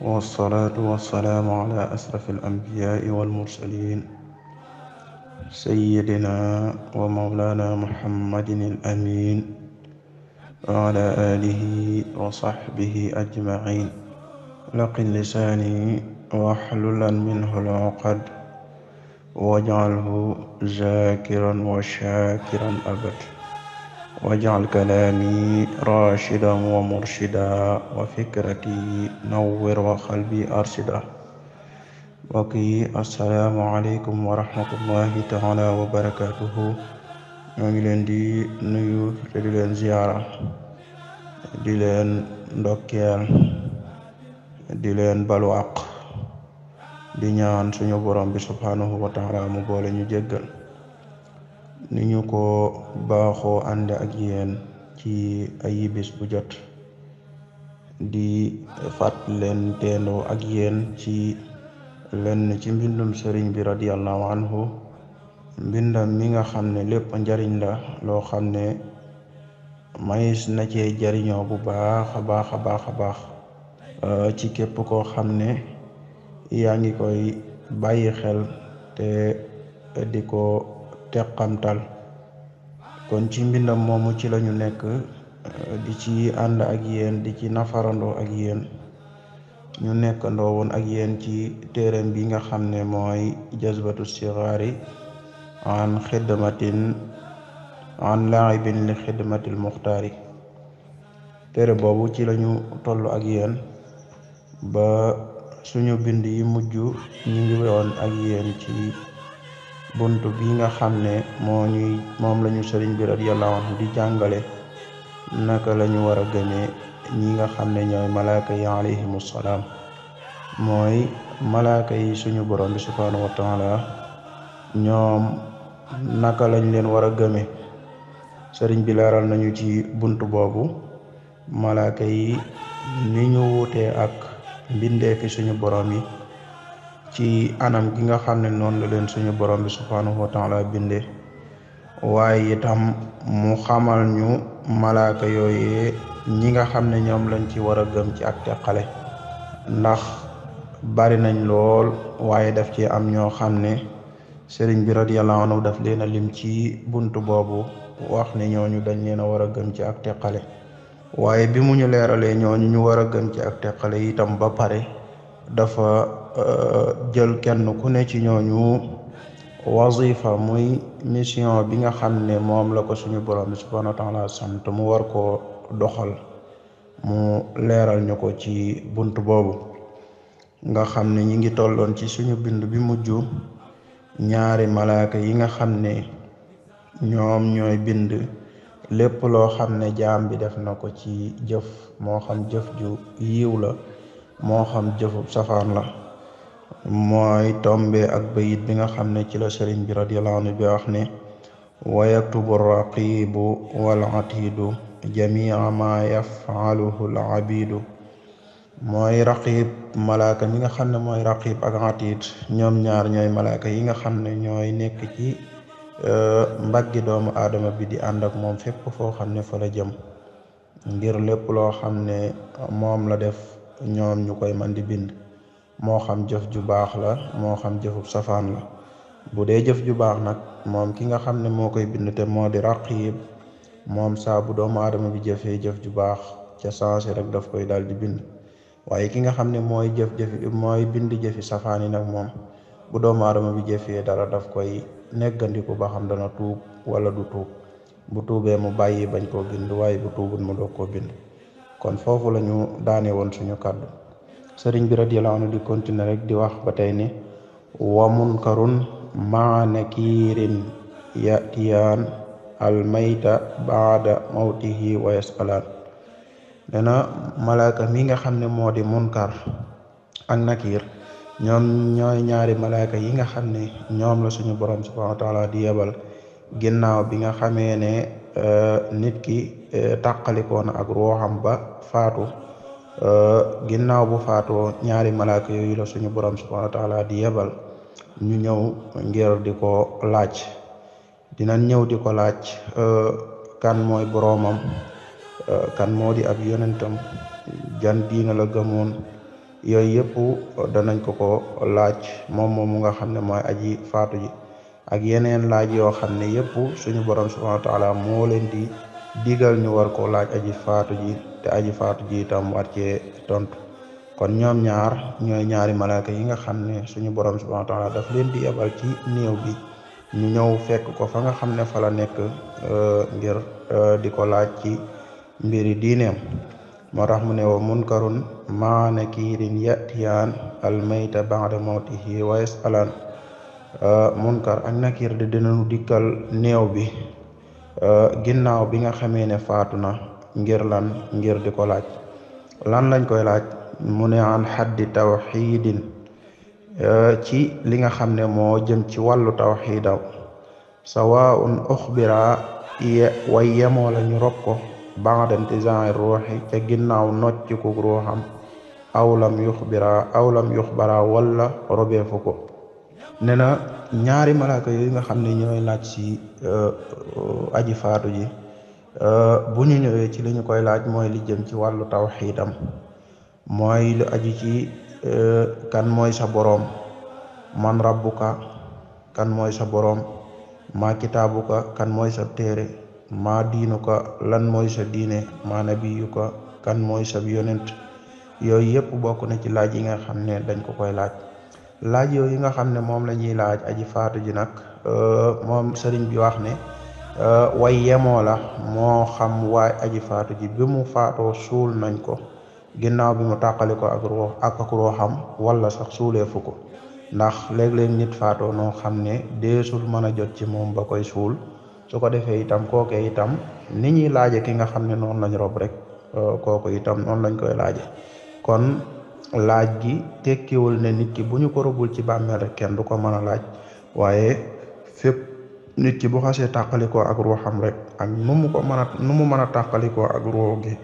والصلاة والسلام على أشرف الأنبياء والمرسلين سيدنا ومولانا محمد الأمين وعلى آله وصحبه أجمعين لق لساني واحللا منه العقد واجعله ذاكرا وشاكرا أبدا waj'al kalaami raashidan wa murshidan wa fikrati nawwir wa arshida mbokk yi assalaamu aleykum wa rahmatullahi wa barakaatuhu ñoo ngi leen di nuyu te di leen ziyaara di leen ndokkeel di leen balu di ñaan suñu borom bi subhaanahu wa mu boole ñu jéggal ni ñu ko baaxoo ànd ak yeen ci ay bis bu jot di fàttalanteendoo ak yeen ci lenn ci mbindum sëriñ bi radiyallahu anhu mbindam mi nga xam ne lépp njariñ la loo xam ne mayis na ce jariñoo bu baax a baax a baax euh, ci képp koo xam ne yaa ngi koy bàyyi xel te di ko teqamtal kon ci mbindam moomu ci lañu nekk euh, di ci ànd ak yéen di ci nafarandoo ak yéen ñu nekkandoo woon ak yéen ci téereem bi nga xam ne mooy jazbatu sigaari an xidmatin an laibin li xidmatil muxtaari téere boobu ci lañu toll ak yéen ba suñu bind yi mujj ñu ngi woon ak yéen ci bunt bi nga xam ne moo ñuy moom lañu sëriñ bi radiyallahu anhu di jàngale naka lañu war a gëmee ñi nga xam ne ñooy malaaka yi alayhimu salaam mooy malaaka yi suñu borom bi subhaanahu wa taala ñoom naka lañ leen war a gëmee sëriñ bi leeral nañu ci bunt boobu malaaka yi ni ñu wuutee ak mbindeefi suñu borom yi ci anam gi nga xam ne noonu la leen suñu borom bi subhaanahu wa taala binde waaye itam mu xamal ñu malaaka yooyee ñi nga xam ne ñoom lañ ci war a gëm ci ak teqale ndax bari nañ lool waaye daf ci am ñoo xam ne sëriñ bi radiyallahu anhu daf leen lim ci bunt boobu wax ne ñooñu dañ leen a war a gëm ci teqale waaye bi mu ñu leeralee ñoo ñu war a gëm ci ak teqale itam ba pare dafa Euh, jël kenn ku ne ci ñooñu wazifa muy mission bi nga xam ne moom la ko suñu borom bi subhanahu wa sant mu war ko doxal mu leeral ñu ko ci bunt boobu nga xam ne ñi ngi tolloon ci suñu bind bi mujj ñaari malaaka yi nga xam ne ñoom ñooy bind lépp loo xam ne jaam bi def na ko ci jëf moo xam jëf ju yiw la moo xam jëfub safaan la mooy tombe ak bayit bi nga xam ne ci la sëriñ bi radiyallahu anhu bi wax ne wa yaktubu raqibu wal atidu jamia ma yafaluhu al mooy raqib malaaka mi nga xam ne mooy raqib ak atid ñoom ñaar ñooy malaaka yi nga xam ne ñooy nekk ci e, mbaggi doomu aadama bi di ànd ak moom fépp foo xam ne fa la jëm ngir lépp loo xam ne moom la def ñoom ñu koy man di bind moo xam jëf ju baax la moo xam jëfu safaan la bu dee jëf ju baax nag moom ki nga xam ne moo koy bind te moo di raqib moom saa bu doomu aadama bi jëfee jëf ju baax ca sensé rek daf koy daal di bind waaye ki nga xam ne mooy jëf jëfi mooy bind jëfi safaan yi nag moom bu doomu aadama bi jëfee dara daf koy neggandiku ba xam dana tuub wala du tuub bu tuubee mu bàyyi bañ koo bind waaye bu tuubut mu doog koo bind kon foofu lañu daane woon suñu kàddu sëriñ bi di continuer rek di wax ba tey ne wa munkarun maa nakiirin yatiyaan almayta baada mawtihi wa yasalaan nee na mi nga xam ne moo di munkar ak nakiir ñoom ñooy ñaari malaaka yi nga xam ne ñoom la suñu borom subhanahu wa taala di yebal ginnaaw bi nga xamee ne eh, nit ki eh, tàqalikoona ak ruuxam ba faatu Euh, ginnaaw bu faatoo ñaari malaaka yooyu la suñu borom subhanahu wa taala di yebal ñu ñëw ngir di ko laaj dina ñëw di ko laaj euh, kan mooy boroomam euh, kan moo di ab yonentam jan diina la gëmoon yooyu yëpp danañ ko ko laaj moom moom nga xam ne mooy aji faatu ji ak yeneen laaj yoo xam ne yëpp suñu borom subhanahu wa taala moo leen di digal ñu war ko laaj aji faatu ji te aji faatu ji itam war tontu kon ñoom ñaar ñooy ñaari malaaka yi nga xam ne suñu borom subhanahu wa taala daf leen di yebal ci néew bi ñu ñëw fekk ko fa nga xam ne fala la nekk euh, ngir euh, di ko laaj ci mbiri diineem moo tax mu ne wa munkarun maa nakiirin yatiyaan almayta ba'da mawtihi wa yasalan euh, munkar ak nakir de dinañu dikkal néew bi Euh, ginnaaw bi nga xamee ne faatu na ngir lan ngir di ko laaj lan lañ koy laaj mu ne an xaddi tawxiidin euh, ci li nga xam ne moo jëm ci wàllu tawxiidaw sawaun uxbira way yemoo la ñu rob ko bandemtigenr ruuxi ca ginnaaw nocci ku ruuxam awlam yuxbira awlam yuxbara wala robeefu ko nee na ñaari malaaka yooyu nga xam ne ñooy laaj ci euh, aji faatu ji euh, bu ñu ñëwee ci li koy laaj mooy li jëm ci wàllu tawxiidam mooy lu aju ci euh, kan mooy sa boroom man rabbuka kan mooy sa boroom maa kitaabuka kan mooy sa téere ma diinuka lan mooy sa diine maa nabiyuka kan mooy sa yonent yooyu yëpp bokk na ci laaj yi nga xam ne dañ ko koy laaj laaj yi nga xam ne moom la ñuy laaj aji faatu ji nag euh, moom sëriñ bi wax ne euh, way yemoo la moo xam waay aji faatu ji bi mu faato suul nañ ko ginnaaw bi mu tàqali ko ak ruux ak ak ruuxam wala sax suuleefu ko ndax léeg-léeg nit faato noo xam ne deesul mën a jot ci moom ba koy suul su ko defee itam kooke itam ni ñuy laaje ki nga xam ne noonu lañ rob rek euh, kooku itam noonu lañ koy laaje kon laaj gi tekkiwul ne nit ki bu ko robul ci bàmmeel rek kenn du ko mën a laaj waaye fépp nit ki bu xasee tàqalikoo ak xam rek ak nu ko mën a mën a tàqalikoo ak ruux gi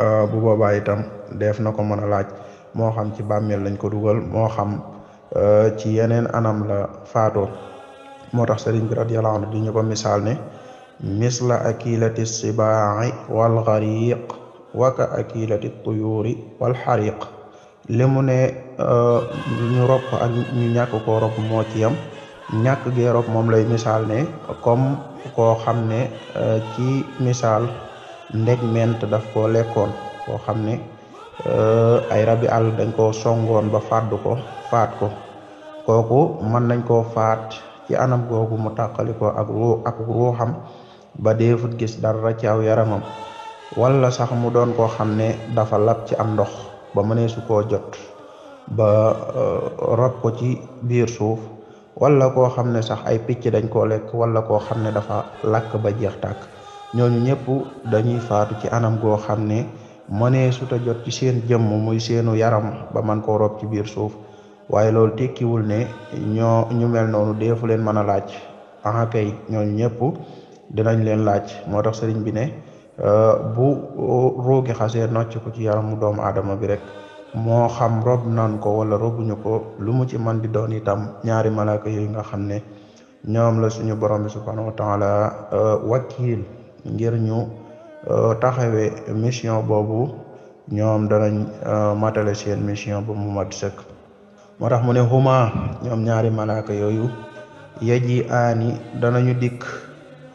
euh, bu boobaa itam def na ko mën a laaj moo xam ci bàmmeel lañ ko dugal moo xam euh, ci yeneen anam la faato moo tax sëriñ bi radiyallahu anhu di ñu ko misaal ne misla akilati sibaa'i wal ghariq waka akilati tuyuri wal xariq li mu ne euh, ñu ropp ak ñu ñàkk koo ropp moo ci yam ñàkk gee ropp moom lay misaal ne comme koo xam ne euh, ci misaal ndeg ment daf koo lekkoon koo xam ne euh, ay rabi àll dañ koo songoon ba fàddu ko faat ko kooku mën nañ koo faat ci anam googu mu tàqali ko ak ruu ak ruuxam ba deefut gis dara ci aw yaramam wala sax mu doon koo xam ne dafa lab ci am ndox ba mënee su jot ba euh, rob ko ci biir suuf wala koo xam ne sax ay picc dañ koo lekk wala koo xam ne dafa lakk ba jeex tàkk ñooñu ñëpp dañuy faatu ci anam goo xam ne mënee su ta jot ci seen jëmm muy seenu yaram ba man koo rob ci biir suuf waaye loolu tekkiwul ne ñoo ñu mel noonu defu leen mën a laaj ah kay ñooñu ñëpp dinañ leen laaj moo tax sëriñ bi ne Euh, bu euh, roogi xasee nocc ko ci yaramu doomu aadama bi rek moo xam rob nan ko wala robuñu ko lu mu ci man di doon itam ñaari malaaka yooyu nga xam ne ñoom la suñu borom bi subhanahu wa taala euh, wakiil ngir ñu taxawee mission boobu ñoom danañ matale seen mission ba mu mat sëkk moo tax mu ne huma ñoom ñaari malaaka yooyu yaji aani danañu dikk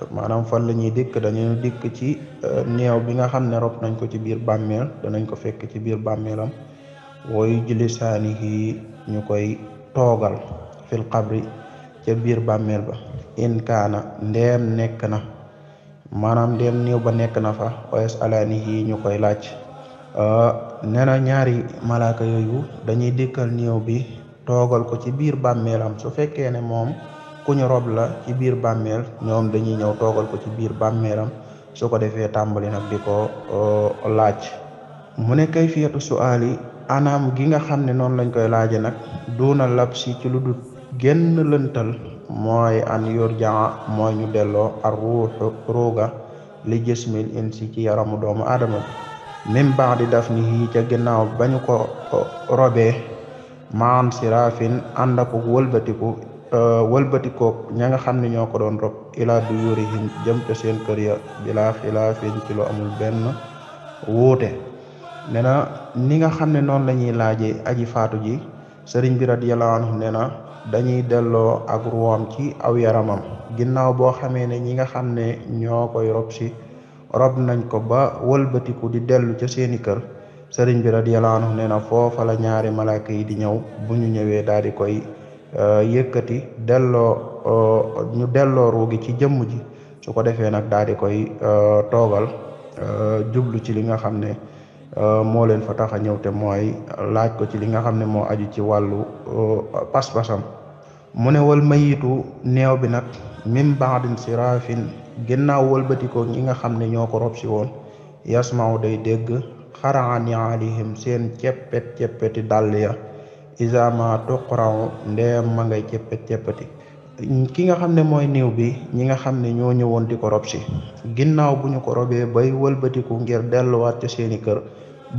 maanaam fan la ñuy dikk dañuy dikk ci euh, néew bi nga xam ne rob nañ ko ci biir bàmmeel danañ ko fekk ci biir bàmmeelam woy julisaanihi ñu koy toogal fil ca biir bàmmeel ba in kaana ndeem nekk na maanaam ndeem néew ba nekk na fa os yi ñu koy laaj euh, nee ñaari malaaka yooyu dañuy dikkal néew bi toogal ko ci biir bàmmeelam su fekkee ne moom ku ñu rob ci biir bàmmeel ñoom dañuy ñëw toogal ko ci biir bàmmeelam su ko defee tàmbali nag di ko uh, laaj mu ne kay fiyatu suaali anaam gi nga xam ne noonu lañ koy laaje nag duuna lab si ci lu dul génn lëntal mooy an yur janga mooy ñu delloo ar ruuxu ruuga li jësmil insi ci yaramu doomu aadama bi mim baax di daf ni yii ca ginnaaw bañu ko uh, robee maan sirafin ànd ak wëlbatiku Euh, walbatikook ña nga xam ne ñoo ko doon rob ilaa du yurihim jëm ca seen kër ya bilaa xilaafin ci lu amul benn wuute nee na ni nga xam ne noonu la ñuy laaje aji faatu ji sëriñ bi radiyallahu anhu nee na dañuy delloo ak ruwaam ci aw yaramam ginnaaw boo xamee ne ñi nga xam ne ñoo koy rob si rob nañ ko ba wëlbatiku di dellu ca seeni kër sëriñ bi radiyallahu anhu nee na foofa ñaari malaaka yi di ñëw bu ñu ñëwee daal di koy Euh, yëkkati delloo euh, ñu delloo ruu gi ci jëmm ji su ko defee nag daal di koy euh, toogal jublu ci li nga xam ne moo leen fa tax a ñëw te mooy laaj ko ci li nga xam ne moo aju ci wàllu pas-pasam mu ne wal mayitu néew bi nag mim baadin siraafin ginnaaw wëlbatikoo ñi nga xam ne ñoo ko rob si woon yasmaaw day dégg xaraan alihim seen ceppet ceppeti dàll ya isama toqran ndeem ma ngay cëppat ki nga xam ne mooy néew bi ñi nga xam ne ñoo ñëwoon di ko rob si ginnaaw bu ñu ko robee bay walbatiku ngir delluwaat ci seeni kër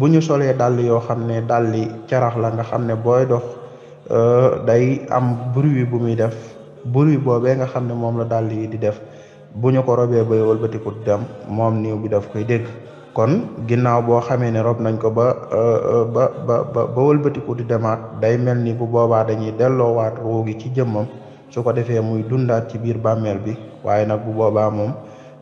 bu ñu solee dàll yoo xam ne dàlli carax la nga xam ne booy dox euh, day am bruit bu muy def bruit boobee nga xam ne moom la dàll yi di def bu ñu ko robee bay wëlbatiku dem moom néew bi daf koy dégg kon ginnaaw boo xamee ne rob nañ ko ba euh, euh, ba ba ba di demaat day mel ni bu boobaa dañuy delloowaat ruu gi ci jëmmam su ko defee muy dundaat ci biir bàmmeel bi waaye nag bu boobaa moom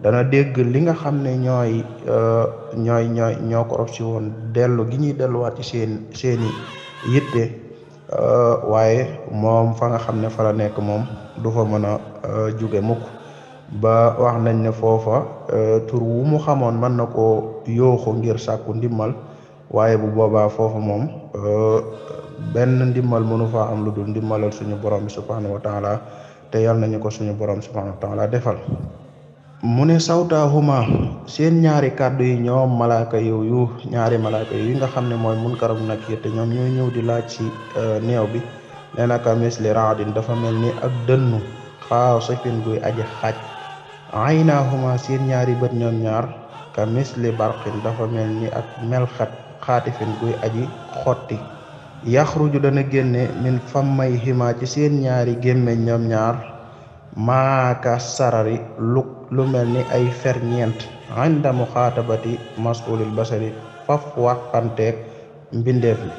dana dégg li nga xam ne ñooy euh, ñooy ñooy ñoo ko rob woon dellu gi ñuy delluwaat ci seen seeni yitte waaye moom fa nga xam ne fa nekk moom du fa mën a juge mukk ba wax nañ ne foofa euh, tur wu mu xamoon man na ko yooxu ngir sàkku ndimmal waaye bu boobaa foofa moom euh, benn ndimmal mënu faa am lu dul ndimmalal suñu borom bi subhanahu wa taala te yal nañu ko suñu borom subhanahu wa la defal mu ne sawtaahuma seen ñaari kàddu yi ñoom malaaka yooyu ñaari malaaka yi nga xam ne mooy munkar ak nakiir te ñoom ñooy ñëw di laaj ci euh, néew bi nee na ka dafa mel ni ak dënnu xaasifin guy aji xaaj aynaahuma seen ñaari bët ñoom ñaar ka misli barqin dafa mel ni ak melxat xaatifin guy aji xotti yaxruju dana génne min may hima ci seen ñaari gémmeñ ñoom ñaar maaka sarari lu lu mel ni ay ferñeent inda muxaatabati masulil basari faf waxanteeg mbindeef li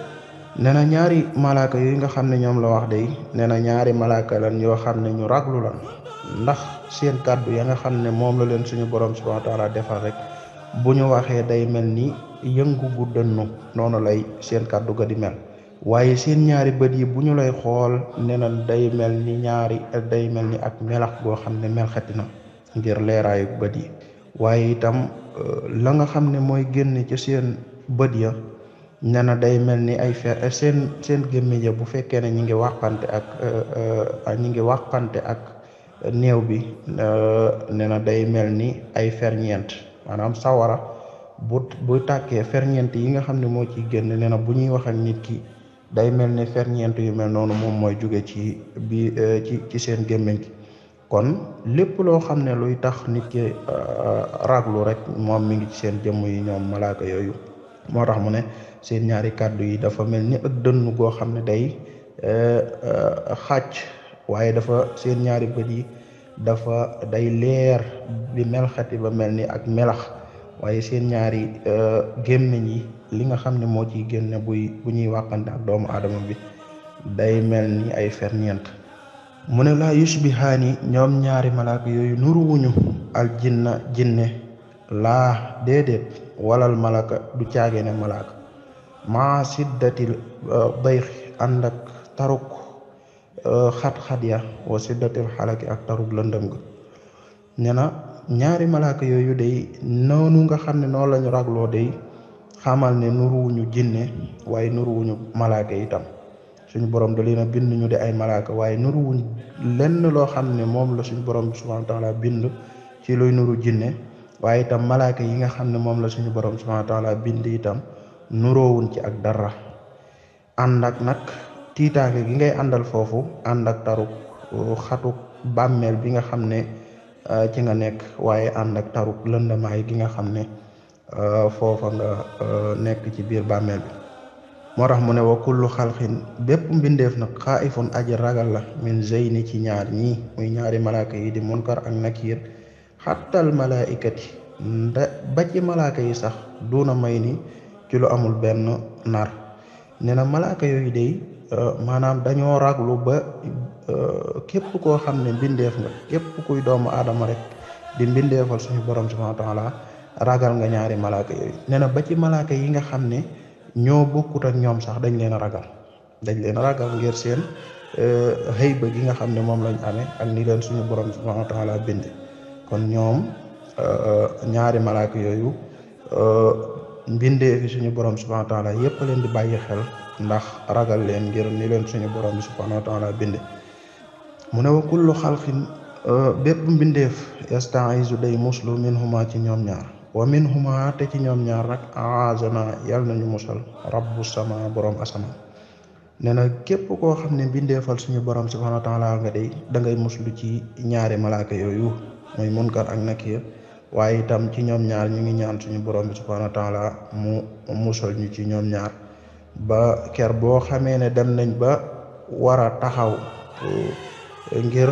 nee na ñaari malaaka yooyu nga xam ne ñoom la wax day nee na ñaari malaaka lan yoo xam ne ñu raglu lan ndax seen kàddu ya nga xam ne moom la leen suñu borom subhaanahu wa taala defal rek bu ñu waxee day mel ni yëngu gu noonu lay seen kàddu ga di mel waaye seen ñaari bët yi bu ñu lay xool nena day mel ni ñaari day mel ni ak melax goo xam ne melxati ngir leeraayu bët yi waaye itam euh, la nga xam ne mooy génn ci seen bët ya nee na day mel ni ay fer seen seen gémmiñ bu fekkee ne ñi ngi waxante ak euh, euh, ñi ngi waxante ak néew bi euh, nee na day mel ni ay ferñeent maanaam sawara bu bu tàkkee ferñeent yi nga xam ne moo ci génn nee na bu ñuy wax nit ki day mel ni ferñeent yu mel noonu moom mooy jóge ci bi euh, ci ci seen gémmiñ gi kon lépp loo xam ne luy tax nit ki euh, raglu rek moom mi ngi ci seen jëmm yi ñoom malaaka yooyu moo tax mu ne seen ñaari kàddu yi dafa mel ni ak dënn goo xam ne day xàcc waaye dafa seen ñaari bët yi dafa day leer bi melxati ba mel ni ak melax waaye seen ñaari euh, gémmiñ yi li nga xam ne moo ciy génne buy bu ñuy wàqante ak doomu aadama bi day mel ni ay ferñeent mu ne laa yushbihaani ñoom ñaari malaaka yooyu nuruwuñu al jinna jinne laa déedéet walal malaka du caage ne malaaka maa siddatil dayx euh, ànd taruk xat-xat euh, ya wa siddatil xalaki ak tarug lëndëm ga nee na ñaari malaaka yooyu day noonu nga xam ne noonu lañu ragloo day xamal ne nuruwuñu jinne waaye nuruwuñu malaaka suñu borom da leen a bind ñu di ay malaaka waaye nuruwuñ lenn loo xam ne moom la suñu borom bi bind ci luy nuru jinne waaye itam malaaka yi nga xam ne moom la suñu borom subhanahu wa taala bind itam nuroowuñ ci ak dara ànd ak tiitaange gi ngay àndal foofu àndak ak taruk uh, xatuk bàmmeel bi nga xam ne uh, ci nga nekk waaye àndak ak taruk lëndamaay gi nga xam ne uh, foofa nga nekk ci biir bàmmeel bi moo tax mu ne wa kullu xalqin bépp mbindeef nag xaaifun aji ragal la min ni ci ñaar ñii muy ñaari malaaka yi di munkar ak nakiir xattal malaaikati nda ba ci malaaka yi sax duuna may ni ci lu amul benn nar nee na malaaka yooyu dey Euh, maanaam dañoo raglu ba euh, képp koo xam ne mbindeef nga képp kuy doomu aadama rek di mbindeefal suñu borom subhanahu wa taala ragal nga ñaari malaaka yooyu nee na ba ci malaaka yi nga xam ne ñoo bokkut ak ñoom sax dañ leen a ragal dañ leen a ragal ngir seen euh, xëyba gi nga xam ne moom lañ amee ak ni leen suñu borom subhanahu wa taala bind kon ñoom ñaari malaaka yooyu mbindeefi suñu borom subhanahu wa taala yépp leen di bàyyi xel ndax ragal leen ngir ni leen suñu borom bi subhanahu wa taala binde mu ne wa kullu xalqin euh, bépp mbindeef yastaizu day muslu minhuma ci ñoom ñaar wa minhuma te ci ñoom ñaar rek aazana yàlla nañu musal rabbu sama borom asamaan nee na képp koo xam ne mbindeefal suñu borom subhanahu wa taala nga day da ngay muslu ci ñaari malaaka yooyu mooy munkar ak nakiir waaye itam ci ñoom ñaar ñu ngi ñaan suñu borom bi subhaana taala mu musal ñu ci ñoom ñaar ba ker boo xamee ne dem nañ ba war a taxaw eh, ngir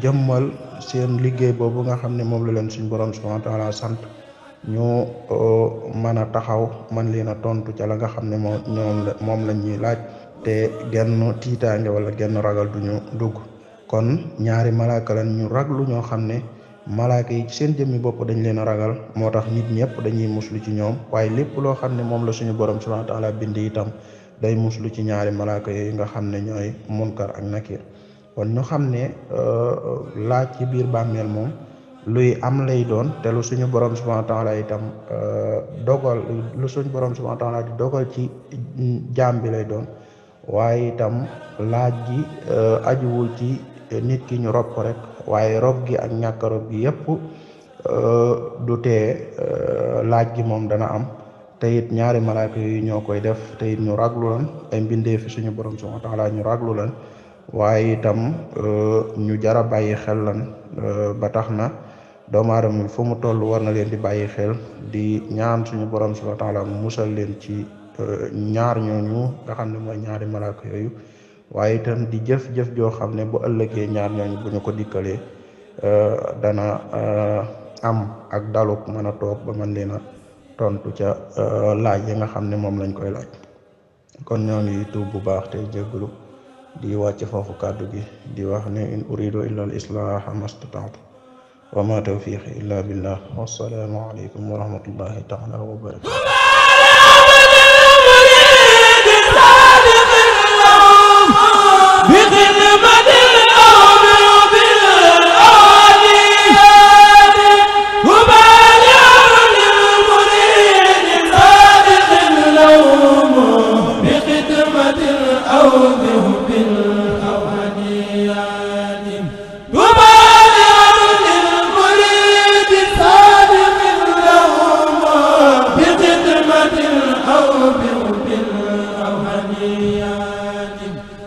jëmmal seen liggéey boobu nga xam ne moom la leen suñu borom subhaana wa taala sant ñu eh, mën a taxaw man leen a tontu ca la nga xam ne la ñuy laaj te genn tiitaange wala genn ragal duñu dugg kon ñaari malaaka ñu raglu ñoo xam ne malaaka yi seen jëmmi bopp dañ leen a ragal moo tax nit ñëpp dañuy muslu ci ñoom waaye lépp loo xam ne moom la suñu borom subhanahu wa taala bind itam day muslu ci ñaari malaaka yooyu nga xam ne ñooy munkar ak nakir kon ñu xam ne euh, laaj ci biir bàmmeel moom luy am lay doon te suñu borom subhanahu wa itam euh, dogal lu suñu borom subhanahu wa taala dogal ci jaam bi lay doon waaye itam laaj gi euh, ajuwul ci nit ki ñu rob ko rek waaye rob gi ak ñàkk rob gi yëpp euh, du tee euh, laaj gi moom dana am te it ñaari malaaka yooyu ñoo koy def te it ñu raglu lan ay mbindee fi suñu borom subhanahu wa ñu raglu lan waaye itam euh, ñu jara bàyyi xel lan ba tax na doomu aadama bi fu mu toll war na leen di bàyyi xel di ñaan suñu borom subhanahu wa taala musal leen ci ñaar ñooñu nga xam ne mooy ñaari malaaka yooyu waaye itam di jëf-jëf joo xam ne bo ëllëgee ñaar ñooñu bu ko dikkalee euh, dana euh, am ak daluk mën a toog ba mën leen a tontu ca euh, laaj yi nga xam ne moom lañ koy laaj kon ñoo ngi tuub bu baax te jégglu di wàcc foofu kàddu gi di wax ne in uridu illa al islaha mastata'tu wa ma tawfiqi illa billah wassalaamu aleykum wa rahmatullahi taala wa barakatu